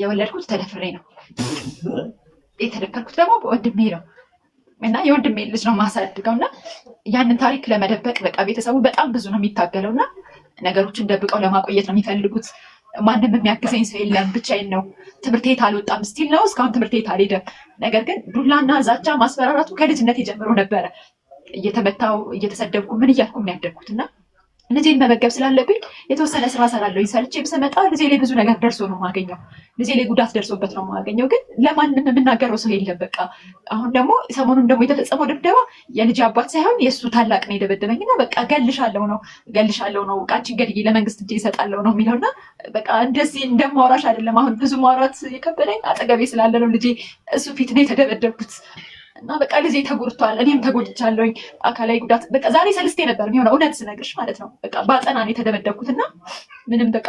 የወለድኩት ተደፍሬ ነው። የተደፈርኩት ደግሞ በወንድሜ ነው እና የወንድሜ ልጅ ነው ማሳድገው እና ያንን ታሪክ ለመደበቅ በቃ ቤተሰቡ በጣም ብዙ ነው የሚታገለው እና ነገሮችን ደብቀው ለማቆየት ነው የሚፈልጉት። ማንም የሚያግዘኝ ሰው የለም፣ ብቻዬን ነው። ትምህርት ቤት አልወጣም ስቲል ነው እስካሁን ትምህርት ቤት አልሄደም። ነገር ግን ዱላና ዛቻ ማስፈራራቱ ከልጅነት የጀምሮ ነበረ። እየተመታው እየተሰደብኩ ምን እያልኩ የሚያደግኩት እና ልጄን መመገብ ስላለብኝ የተወሰነ ስራ ሰራለሁ። ሰርቼም ስመጣ ልጄ ላይ ብዙ ነገር ደርሶ ነው የማገኘው። ልጄ ላይ ጉዳት ደርሶበት ነው የማገኘው። ግን ለማንም የምናገረው ሰው የለም። በቃ አሁን ደግሞ ሰሞኑን ደግሞ የተፈጸመው ድብደባ የልጅ አባት ሳይሆን የእሱ ታላቅ ነው የደበደበኝ እና በቃ ገልሻለው ነው ገልሻለው ነው ቃችን ገድዬ ለመንግስት እጄ ይሰጣለው ነው የሚለው እና በቃ እንደዚህ እንደማውራሽ አይደለም። አሁን ብዙ ማውራት የከበደኝ አጠገቤ ስላለ ነው ልጄ እሱ ፊት ነው የተደበደብኩት። እና በቃ ልጄ ተጎድቷል፣ እኔም ተጎድቻለሁኝ አካላዊ ጉዳት በቃ ዛሬ ሰልስቴ ነበር የሚሆነው እውነት ስነግርሽ ማለት ነው። በቃ በአጠና ነው የተደበደብኩት እና ምንም በቃ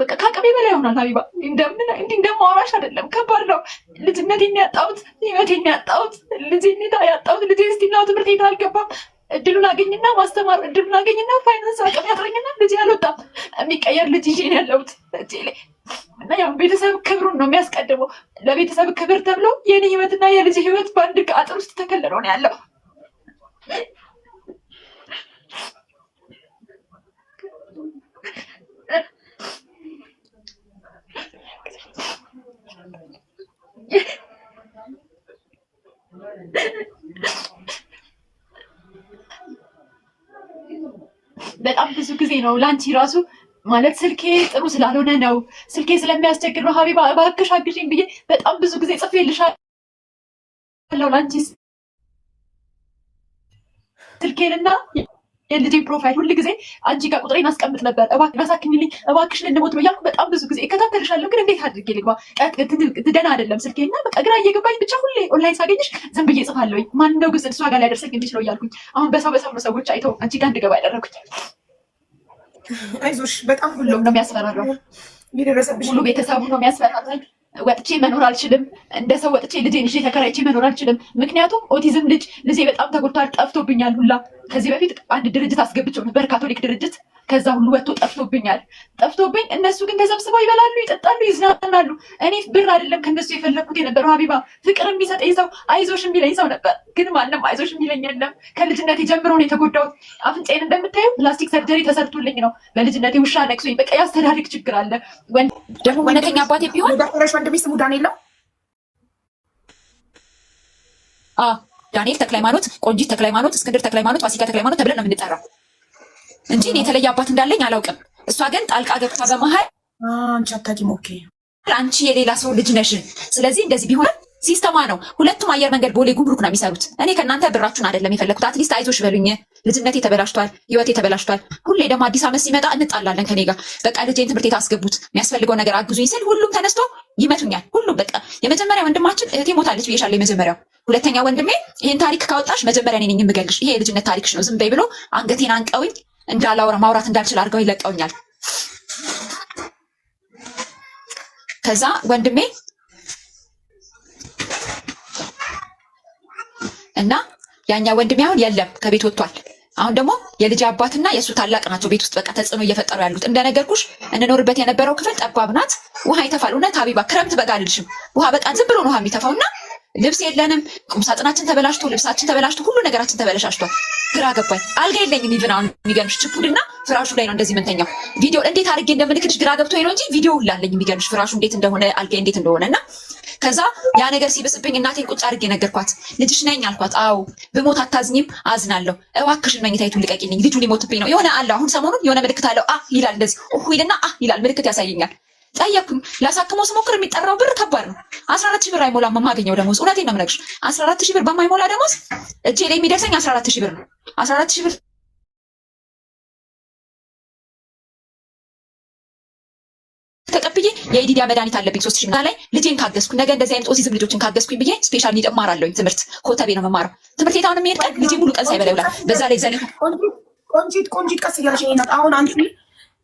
በቃ ከአቅሜ በላይ ይሆናል ሀቢባ። እንዲህ እንደም አውራሽ አይደለም ከባድ ነው። ልጅነቴን ያጣሁት፣ ህይወቴን ያጣሁት፣ ልጄን ያጣሁት። ልጄ ስቲናው ትምህርት ቤት አልገባም። እድሉን አገኝና ማስተማር እድሉን አገኝና ፋይናንስ አቅም ያጥረኝና ልጅ አልወጣም። የሚቀየር ልጅ ይዤ ነው ያለሁት እጄ ላይ ቤተሰብ ክብሩን ነው የሚያስቀድመው። ለቤተሰብ ክብር ተብሎ የኔ ህይወትና የልጅ ህይወት በአንድ አጥር ውስጥ ተከልሎ ነው ያለው። በጣም ብዙ ጊዜ ነው ላንቺ ራሱ ማለት ስልኬ ጥሩ ስላልሆነ ነው፣ ስልኬ ስለሚያስቸግር ነው፣ ሀቢባ እባክሽ አግዢኝ ብዬ በጣም ብዙ ጊዜ ጽፌልሻለሁ። ለአንቺ ስልኬንና የልጅ ፕሮፋይል ሁል ጊዜ አንቺ ጋር ቁጥሬን አስቀምጥ ነበር። እባክሽልኝ እባክሽ ልንሞት ነው እያልኩ በጣም ብዙ ጊዜ እከታተልሻለሁ፣ ግን እንዴት አድርጌ ልግባ? ትደና አይደለም ስልኬና በቃ ግራ እየገባኝ ብቻ ሁሌ ኦንላይን ሳገኝሽ ዝም ብዬ ጽፋለሁኝ። ማን ነው ግን እሷ ጋር ሊያደርሰኝ የሚችለው እያልኩኝ አሁን በሰው በሰው ሰዎች አይተው አንቺ ጋር እንድገባ ያደረጉኝ። አይዞሽ በጣም ሁሉ ነው የሚያስፈራራው። የደረሰብሽ ሁሉ ቤተሰቡ ነው የሚያስፈራራኝ። ወጥቼ መኖር አልችልም። እንደ ሰው ወጥቼ ልጄን ይዤ ተከራይቼ መኖር አልችልም። ምክንያቱም ኦቲዝም ልጅ ልጄ በጣም ተጎድቷል፣ ጠፍቶብኛል ሁላ ከዚህ በፊት አንድ ድርጅት አስገብቼው ነበር፣ ካቶሊክ ድርጅት። ከዛ ሁሉ ወጥቶ ጠፍቶብኛል ጠፍቶብኝ። እነሱ ግን ተሰብስበው ይበላሉ፣ ይጠጣሉ፣ ይዝናናሉ። እኔ ብር አይደለም ከእነሱ የፈለግኩት የነበረው ሀቢባ፣ ፍቅር የሚሰጠኝ ሰው፣ አይዞሽ የሚለኝ ሰው ነበር። ግን ማንም አይዞሽ የሚለኝ የለም። ከልጅነት የጀምሮ ነው የተጎዳሁት። አፍንጫዬን እንደምታየው ፕላስቲክ ሰርጀሪ ተሰርቶልኝ ነው። በልጅነቴ ውሻ ነቅሶኝ፣ በቃ ያስተዳደግ ችግር አለ። ወንደተኛ አባቴ ቢሆን ወንድሜ ስሙ ዳንኤል ነው። ዳንኤል ተክለ ተክለሃይማኖት፣ ቆንጂት ሃይማኖት፣ እስክንድር ተክለ ሃይማኖት፣ ፋሲካ ተክለ ሃይማኖት ተብለን ነው የምንጠራው እንጂ እኔ የተለየ አባት እንዳለኝ አላውቅም። እሷ ግን ጣልቃ ገብታ በመሀል አንቺ አታውቂም። ኦኬ አንቺ የሌላ ሰው ልጅ ነሽ፣ ስለዚህ እንደዚህ ቢሆን ሲስተማ ነው። ሁለቱም አየር መንገድ ቦሌ ጉምሩክ ነው የሚሰሩት። እኔ ከእናንተ ብራችሁን አይደለም የፈለግኩት። አትሊስት አይዞሽ በሉኝ። ልጅነቴ ተበላሽቷል፣ ህይወቴ ተበላሽቷል። ሁሌ ደግሞ አዲስ አመት ሲመጣ እንጣላለን ከኔ ጋር። በቃ ልጄን ትምህርት ቤት አስገቡት፣ የሚያስፈልገው ነገር አግዙኝ ስል ሁሉም ተነስቶ ይመቱኛል። ሁሉም በቃ የመጀመሪያ ወንድማችን እህቴ ሞታለች ብዬሻለሁ። የመጀመሪያው ሁለተኛ ወንድሜ ይህን ታሪክ ካወጣሽ መጀመሪያ እኔ ነኝ የምገልሽ፣ ይሄ የልጅነት ታሪክሽ ነው፣ ዝም በይ ብሎ አንገቴን አንቀውኝ እንዳላወራ ማውራት እንዳልችል አድርገው ይለቀውኛል። ከዛ ወንድሜ እና ያኛ ወንድሜ አሁን የለም ከቤት ወጥቷል። አሁን ደግሞ የልጅ አባትና የእሱ ታላቅ ናቸው ቤት ውስጥ በቃ ተጽዕኖ እየፈጠሩ ያሉት። እንደነገርኩሽ እንኖርበት የነበረው ክፍል ጠባብ ናት። ውሃ ይተፋል። እውነት ሀቢባ ክረምት በጋ አልልሽም። ውሃ በቃ ዝም ብሎ ውሃ የሚተፋው እና ልብስ የለንም። ቁምሳጥናችን ተበላሽቶ ልብሳችን ተበላሽቶ ሁሉ ነገራችን ተበላሽቷል። ግራ ገባኝ። አልጋ የለኝም። ይብን አሁን የሚገርምሽ ችፑድና ፍራሹ ላይ ነው እንደዚህ ምንተኛው። ቪዲዮ እንዴት አድርጌ እንደምልክልሽ ግራ ገብቶ ነው እንጂ ቪዲዮ ላለኝ የሚገርምሽ ፍራሹ እንዴት እንደሆነ አልጋ እንዴት እንደሆነ እና ከዛ ያ ነገር ሲብስብኝ እናቴን ቁጭ አድርጌ ነገርኳት። ልጅሽ ነኝ አልኳት። አዎ ብሞት አታዝኝም? አዝናለሁ። እባክሽን መኝታይቱን ልቀቂልኝ፣ ልጁ ሊሞትብኝ ነው። የሆነ አለው አሁን ሰሞኑን የሆነ ምልክት አለው። አ ይላል እንደዚህ ሁ ይልና አ ይላል ምልክት ያሳየኛል። ጠየቅኩኝ። ላሳክሞ ስሞክር የሚጠራው ብር ከባድ ነው። አስራ አራት ሺህ ብር አይሞላም የማገኘው ደሞዝ። እውነቴን ነው የምነግርሽ። አስራ አራት ሺህ ብር በማይሞላ ደሞዝ እጄ ላይ የሚደርሰኝ አስራ አራት ሺህ ብር ነው። አስራ አራት ሺህ ብር የኢዲዲያ መድኃኒት አለብኝ ሶስት ሺ ላይ ልጄን ካገዝኩ ነገ እንደዚህ አይነት ኦቲዝም ልጆችን ካገዝኩኝ ብዬ ስፔሻል ኒድ እማራለሁኝ። ትምህርት ኮተቤ ነው መማረው ትምህርት ቤት አሁን የሚሄድ ቀን ልጄ ሙሉ ቀን ሳይበላ ይውላል። በዛ ላይ ዘለ ቆንጂት ቆንጂት ቀስ እያለሽ ናት አሁን አንቺ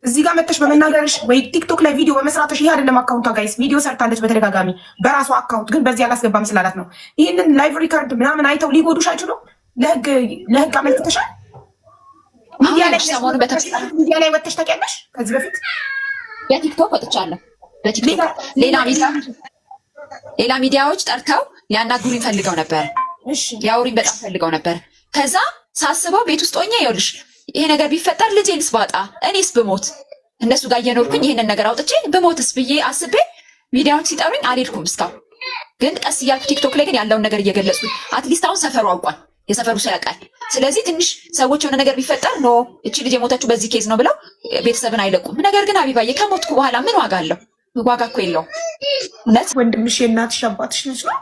እዚህ ጋር መጥተሽ በመናገርሽ ወይ ቲክቶክ ላይ ቪዲዮ በመስራትሽ ይሄ አይደለም አካውንቷ። ጋይስ ቪዲዮ ሰርታለች በተደጋጋሚ በራሷ አካውንት፣ ግን በዚህ አላስገባም ስላላት ነው። ይህንን ላይቭ ሪከርድ ምናምን አይተው ሊጎዱሽ አይችሉም። ለህግ ለህግ አመልክተሻል። ሚዲያ ላይ ወጥተሽ ታውቂያለሽ ከዚህ በፊት? በቲክቶክ ወጥቻለሁ በቲክቶክ ሌላ ሚዲያዎች ጠርተው ሊያናግሩኝ ፈልገው ነበር። ሊያወሩኝ በጣም ፈልገው ነበር። ከዛ ሳስበው ቤት ውስጥ ሆኜ ይኸውልሽ ይሄ ነገር ቢፈጠር ልጄንስ ባጣ እኔስ ብሞት እነሱ ጋር እየኖርኩኝ ይህንን ነገር አውጥቼ ብሞትስ ብዬ አስቤ ሚዲያዎች ሲጠሩኝ አልሄድኩም። እስካሁን ግን ቀስ እያልኩ ቲክቶክ ላይ ግን ያለውን ነገር እየገለጹ አትሊስት አሁን ሰፈሩ አውቋል፣ የሰፈሩ ሰው ያውቃል። ስለዚህ ትንሽ ሰዎች የሆነ ነገር ቢፈጠር ኖ እቺ ልጅ የሞተችው በዚህ ኬዝ ነው ብለው ቤተሰብን አይለቁም። ነገር ግን አቢባዬ ከሞትኩ በኋላ ምን ዋጋ አለው? ዋጋ እኮ የለው። እውነት ወንድምሽ የእናትሽ አባትሽ ልጅ ነው።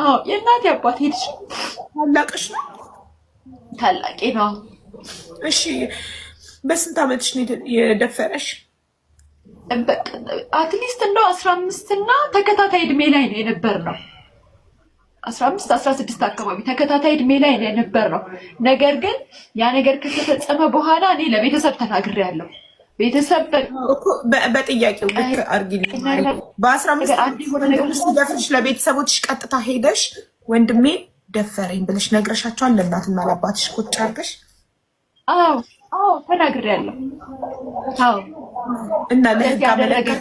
አዎ የእናት አባት ሄድሽ ታላቅሽ ነው። ታላቂ ነው። እሺ በስንት አመትሽ ነው የደፈረሽ? አትሊስት እንደው አስራ አምስት እና ተከታታይ እድሜ ላይ ነው የነበር ነው አስራ አምስት አስራ ስድስት አካባቢ ተከታታይ እድሜ ላይ ነው የነበር ነው። ነገር ግን ያ ነገር ከተፈጸመ በኋላ እኔ ለቤተሰብ ተናግሬያለሁ። ቤተሰብ በጥያቄው ልክ አድርጊልኝ። በአስራ አምስት ደፍርሽ ለቤተሰቦችሽ ቀጥታ ሄደሽ ወንድሜ ደፈረኝ ብለሽ ነግረሻቸዋል? ለእናትና ለአባትሽ ቁጭ አድርገሽ? ተናግሬያለሁ። እና ለህግ አመለከት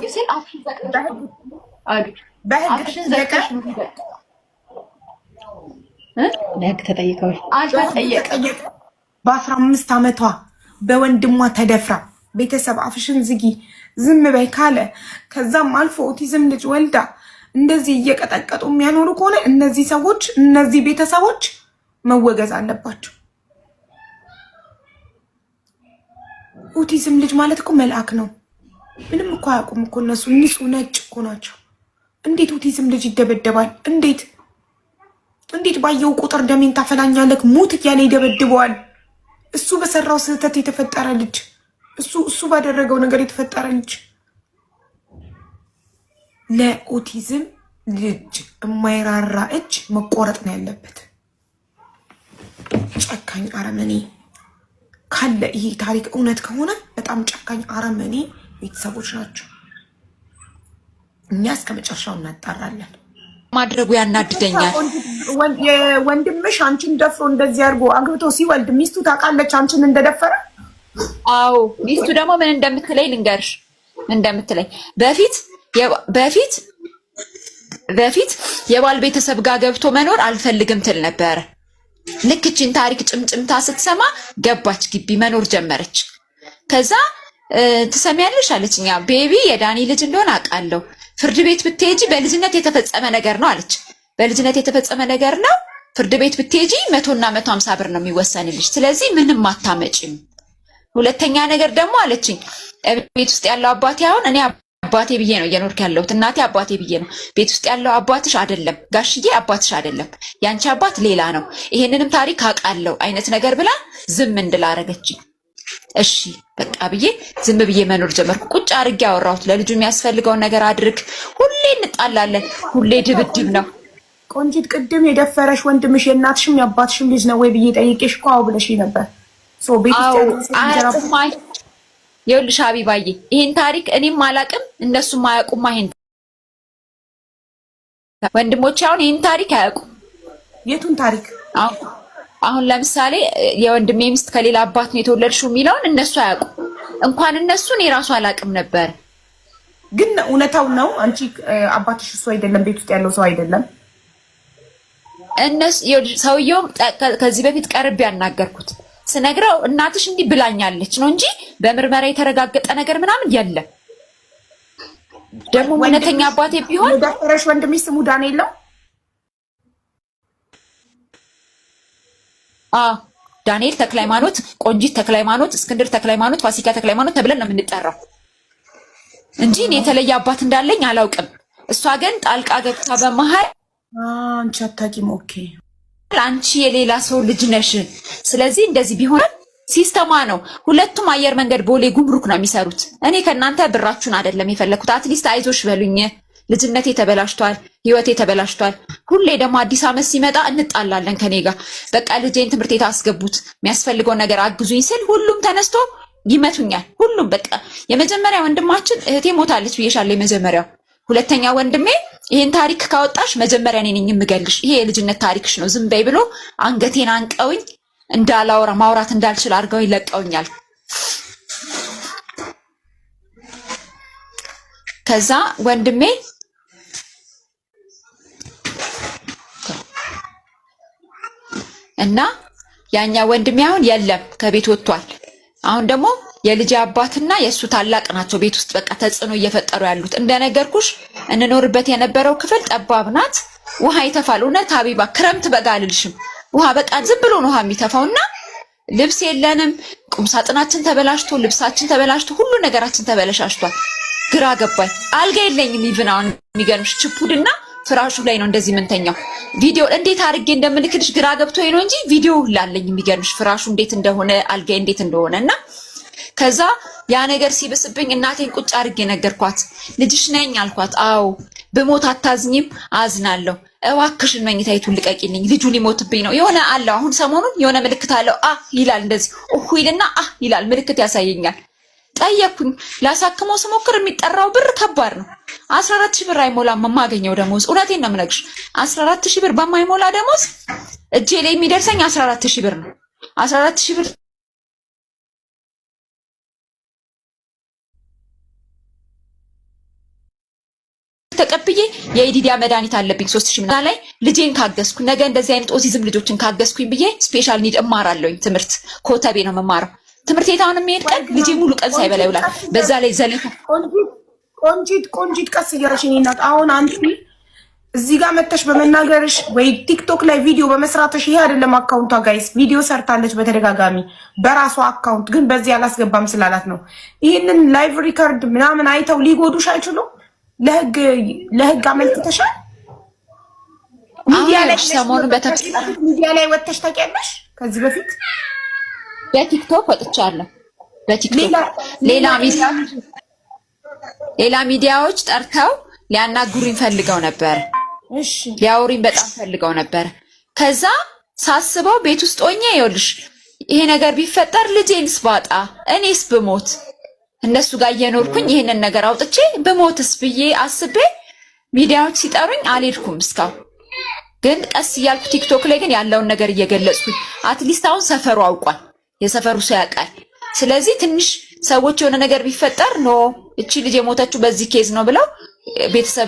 ለህግ ተጠይቀዋል። በአስራ አምስት አመቷ በወንድሟ ተደፍራ ቤተሰብ አፍሽን ዝጊ ዝም በይ ካለ ከዛም አልፎ ኦቲዝም ልጅ ወልዳ እንደዚህ እየቀጠቀጡ የሚያኖሩ ከሆነ እነዚህ ሰዎች እነዚህ ቤተሰቦች መወገዝ አለባቸው። ኦቲዝም ልጅ ማለት እኮ መልአክ ነው። ምንም እኮ አያውቁም እኮ እነሱ ንጹህ ነጭ እኮ ናቸው። እንዴት ኦቲዝም ልጅ ይደበደባል? እንዴት እንዴት ባየው ቁጥር ደሜን ታፈላኛለህ ሙት እያለ ይደበድበዋል። እሱ በሰራው ስህተት የተፈጠረ ልጅ እሱ እሱ ባደረገው ነገር የተፈጠረ ልጅ ለኦቲዝም ልጅ የማይራራ እጅ መቆረጥ ነው ያለበት። ጨካኝ አረመኔ ካለ ይሄ ታሪክ እውነት ከሆነ በጣም ጨካኝ አረመኔ ቤተሰቦች ናቸው። እኛ እስከ መጨረሻው እናጣራለን። ማድረጉ ያናድደኛል። ወንድምሽ አንቺን ደፍሮ እንደዚህ አድርጎ አግብቶ ሲወልድ ሚስቱ ታውቃለች አንቺን እንደደፈረ አዎ ሚስቱ ደግሞ ምን እንደምትለኝ ልንገርሽ፣ ምን እንደምትለኝ በፊት በፊት በፊት የባል ቤተሰብ ጋር ገብቶ መኖር አልፈልግም ትል ነበረ። ልክችን ታሪክ ጭምጭምታ ስትሰማ ገባች፣ ግቢ መኖር ጀመረች። ከዛ ትሰሚያለሽ አለችኛ፣ ቤቢ የዳኒ ልጅ እንደሆነ አውቃለሁ። ፍርድ ቤት ብትሄጂ በልጅነት የተፈጸመ ነገር ነው አለች። በልጅነት የተፈጸመ ነገር ነው። ፍርድ ቤት ብትሄጂ መቶና መቶ ሀምሳ ብር ነው የሚወሰንልሽ። ስለዚህ ምንም አታመጪም ሁለተኛ ነገር ደግሞ አለችኝ ቤት ውስጥ ያለው አባቴ አሁን እኔ አባቴ ብዬ ነው እየኖርክ ያለሁት። እናቴ አባቴ ብዬ ነው። ቤት ውስጥ ያለው አባትሽ አይደለም፣ ጋሽዬ አባትሽ አይደለም፣ ያንቺ አባት ሌላ ነው። ይሄንንም ታሪክ አውቃለሁ አይነት ነገር ብላ ዝም እንድል አደረገችኝ። እሺ በቃ ብዬ ዝም ብዬ መኖር ጀመርኩ። ቁጭ አድርጌ አወራሁት። ለልጁ የሚያስፈልገውን ነገር አድርግ። ሁሌ እንጣላለን፣ ሁሌ ድብድብ ነው። ቆንጂት፣ ቅድም የደፈረሽ ወንድምሽ የእናትሽም የአባትሽም ልጅ ነው ወይ ብዬ ጠይቄሽ እኮ አዎ ብለሽ ነበር። ይኸውልሽ አቢባዬ ይህን ታሪክ እኔም አላቅም እነሱም አያውቁማ። ይሄን ወንድሞች አሁን ይህን ታሪክ አያውቁም። የቱን ታሪክ? አሁን ለምሳሌ የወንድሜ ሚስት ከሌላ አባት ነው የተወለድሽው የሚለውን እነሱ አያውቁም። እንኳን እነሱ እኔ ራሱ አላቅም ነበር። ግን እውነታው ነው። አንቺ አባትሽ እሱ አይደለም፣ ቤት ውስጥ ያለው ሰው አይደለም። እነሱ ሰውየውም ከዚህ በፊት ቀርቤ ያናገርኩት ስነግረው እናትሽ እንዲህ ብላኛለች ነው እንጂ በምርመራ የተረጋገጠ ነገር ምናምን የለም። ደግሞ እውነተኛ አባቴ ቢሆን ደፈረሽ ወንድሜ ስሙ ዳንኤል ነው። አዎ ዳንኤል ተክለሃይማኖት፣ ቆንጂት ተክለሃይማኖት፣ እስክንድር ተክለሃይማኖት፣ ፋሲካ ተክለሃይማኖት ተብለን ነው የምንጠራው እንጂ እኔ የተለየ አባት እንዳለኝ አላውቅም። እሷ ግን ጣልቃ ገብታ በመሀል አንቺ አታውቂም። ኦኬ አንቺ የሌላ ሰው ልጅ ነሽ። ስለዚህ እንደዚህ ቢሆንም ሲስተማ ነው። ሁለቱም አየር መንገድ ቦሌ ጉምሩክ ነው የሚሰሩት። እኔ ከእናንተ ብራችሁን አይደለም የፈለኩት። አትሊስት አይዞሽ በሉኝ። ልጅነቴ ተበላሽቷል፣ ህይወቴ ተበላሽቷል። ሁሌ ደግሞ አዲስ አመት ሲመጣ እንጣላለን ከኔ ጋር። በቃ ልጄን ትምህርት ቤት አስገቡት፣ የሚያስፈልገው ነገር አግዙኝ ስል ሁሉም ተነስቶ ይመቱኛል። ሁሉም በቃ የመጀመሪያ ወንድማችን እህቴ ሞታለች ብዬሻለሁ። የመጀመሪያው ሁለተኛ ወንድሜ ይህን ታሪክ ካወጣሽ መጀመሪያ እኔ ነኝ የምገልሽ፣ ይሄ የልጅነት ታሪክሽ ነው ዝም በይ ብሎ አንገቴን አንቀውኝ እንዳላወራ ማውራት እንዳልችል አርገው ይለቀውኛል። ከዛ ወንድሜ እና ያኛ ወንድሜ አሁን የለም ከቤት ወጥቷል። አሁን ደግሞ የልጅ አባትና የእሱ ታላቅ ናቸው። ቤት ውስጥ በቃ ተጽዕኖ እየፈጠሩ ያሉት እንደነገርኩሽ፣ እንኖርበት የነበረው ክፍል ጠባብ ናት። ውሃ ይተፋል። እውነት ሀቢባ ክረምት በጋ አልልሽም። ውሃ በቃ ዝም ብሎ ውሃ የሚተፋው እና ልብስ የለንም። ቁምሳጥናችን ተበላሽቶ፣ ልብሳችን ተበላሽቶ፣ ሁሉ ነገራችን ተበለሻሽቷል። ግራ ገባኝ። አልጋ የለኝም። ይብን አሁን የሚገርምሽ ችፑድና ፍራሹ ላይ ነው እንደዚህ ምንተኛው። ቪዲዮ እንዴት አድርጌ እንደምልክልሽ ግራ ገብቶ ነው እንጂ ቪዲዮ ላለኝ የሚገርምሽ ፍራሹ እንዴት እንደሆነ አልጋ እንዴት እንደሆነ እና ከዛ ያ ነገር ሲብስብኝ እናቴን ቁጭ አድርጌ ነገርኳት። ልጅሽ ነኝ አልኳት። አዎ ብሞት አታዝኝም? አዝናለሁ። እባክሽን መኝታይቱን ልቀቂልኝ፣ ልጁ ሊሞትብኝ ነው። የሆነ አለው አሁን ሰሞኑን የሆነ ምልክት አለው። አ ይላል እንደዚህ እሁ ይልና አ ይላል ምልክት ያሳየኛል። ጠየኩኝ። ላሳክመው ስሞክር የሚጠራው ብር ከባድ ነው። አስራ አራት ሺህ ብር አይሞላም የማገኘው ደሞዝ። እውነቴን ነው የምነግርሽ። አስራ አራት ሺህ ብር በማይሞላ ደሞዝ እጄ ላይ የሚደርሰኝ አስራ አራት ሺህ ብር ነው። አስራ አራት ሺህ ብር የኢዲዲያ መድኃኒት አለብኝ ሶስት ሺ ምና ላይ ልጄን ካገዝኩ ነገ እንደዚህ አይነት ኦቲዝም ልጆችን ካገዝኩኝ ብዬ ስፔሻል ኒድ እማራለሁኝ። ትምህርት ኮተቤ ነው የምማረው። ትምህርት ቤት አሁን የሚሄድ ቀን ልጄ ሙሉ ቀን ሳይበላ ይውላል። በዛ ላይ ዘለ ቆንጂት ቆንጂት ቀስ እያለሽ እኔ እናት አሁን አንቺ እዚህ ጋር መተሽ በመናገርሽ ወይ ቲክቶክ ላይ ቪዲዮ በመስራትሽ ይሄ አይደለም አካውንቷ። ጋይስ ቪዲዮ ሰርታለች በተደጋጋሚ በራሷ አካውንት ግን በዚህ አላስገባም ስላላት ነው። ይህንን ላይቭ ሪከርድ ምናምን አይተው ሊጎዱሽ አይችሉም። ለህግ አመልክተሻል? ሚዲያ ላይ ሰሞኑን ሚዲያ ላይ ወጥተሽ ታውቂያለሽ? ከዚህ በፊት በቲክቶክ ወጥቻለሁ። በቲክቶክ ሌላ ሌላ ሚዲያዎች ጠርተው ሊያናግሩኝ ፈልገው ነበር። እሺ ሊያወሩኝ በጣም ፈልገው ነበር። ከዛ ሳስበው ቤት ውስጥ ሆኜ ይኸውልሽ ይሄ ነገር ቢፈጠር ልጄንስ ባጣ እኔስ ብሞት እነሱ ጋር እየኖርኩኝ ይህንን ነገር አውጥቼ በሞትስ ብዬ አስቤ ሚዲያዎች ሲጠሩኝ አልሄድኩም። እስካሁን ግን ቀስ እያልኩ ቲክቶክ ላይ ግን ያለውን ነገር እየገለጽኩኝ፣ አትሊስት አሁን ሰፈሩ አውቋል፣ የሰፈሩ ሰው ያውቃል። ስለዚህ ትንሽ ሰዎች የሆነ ነገር ቢፈጠር ኖ እቺ ልጅ የሞተችው በዚህ ኬዝ ነው ብለው ቤተሰብ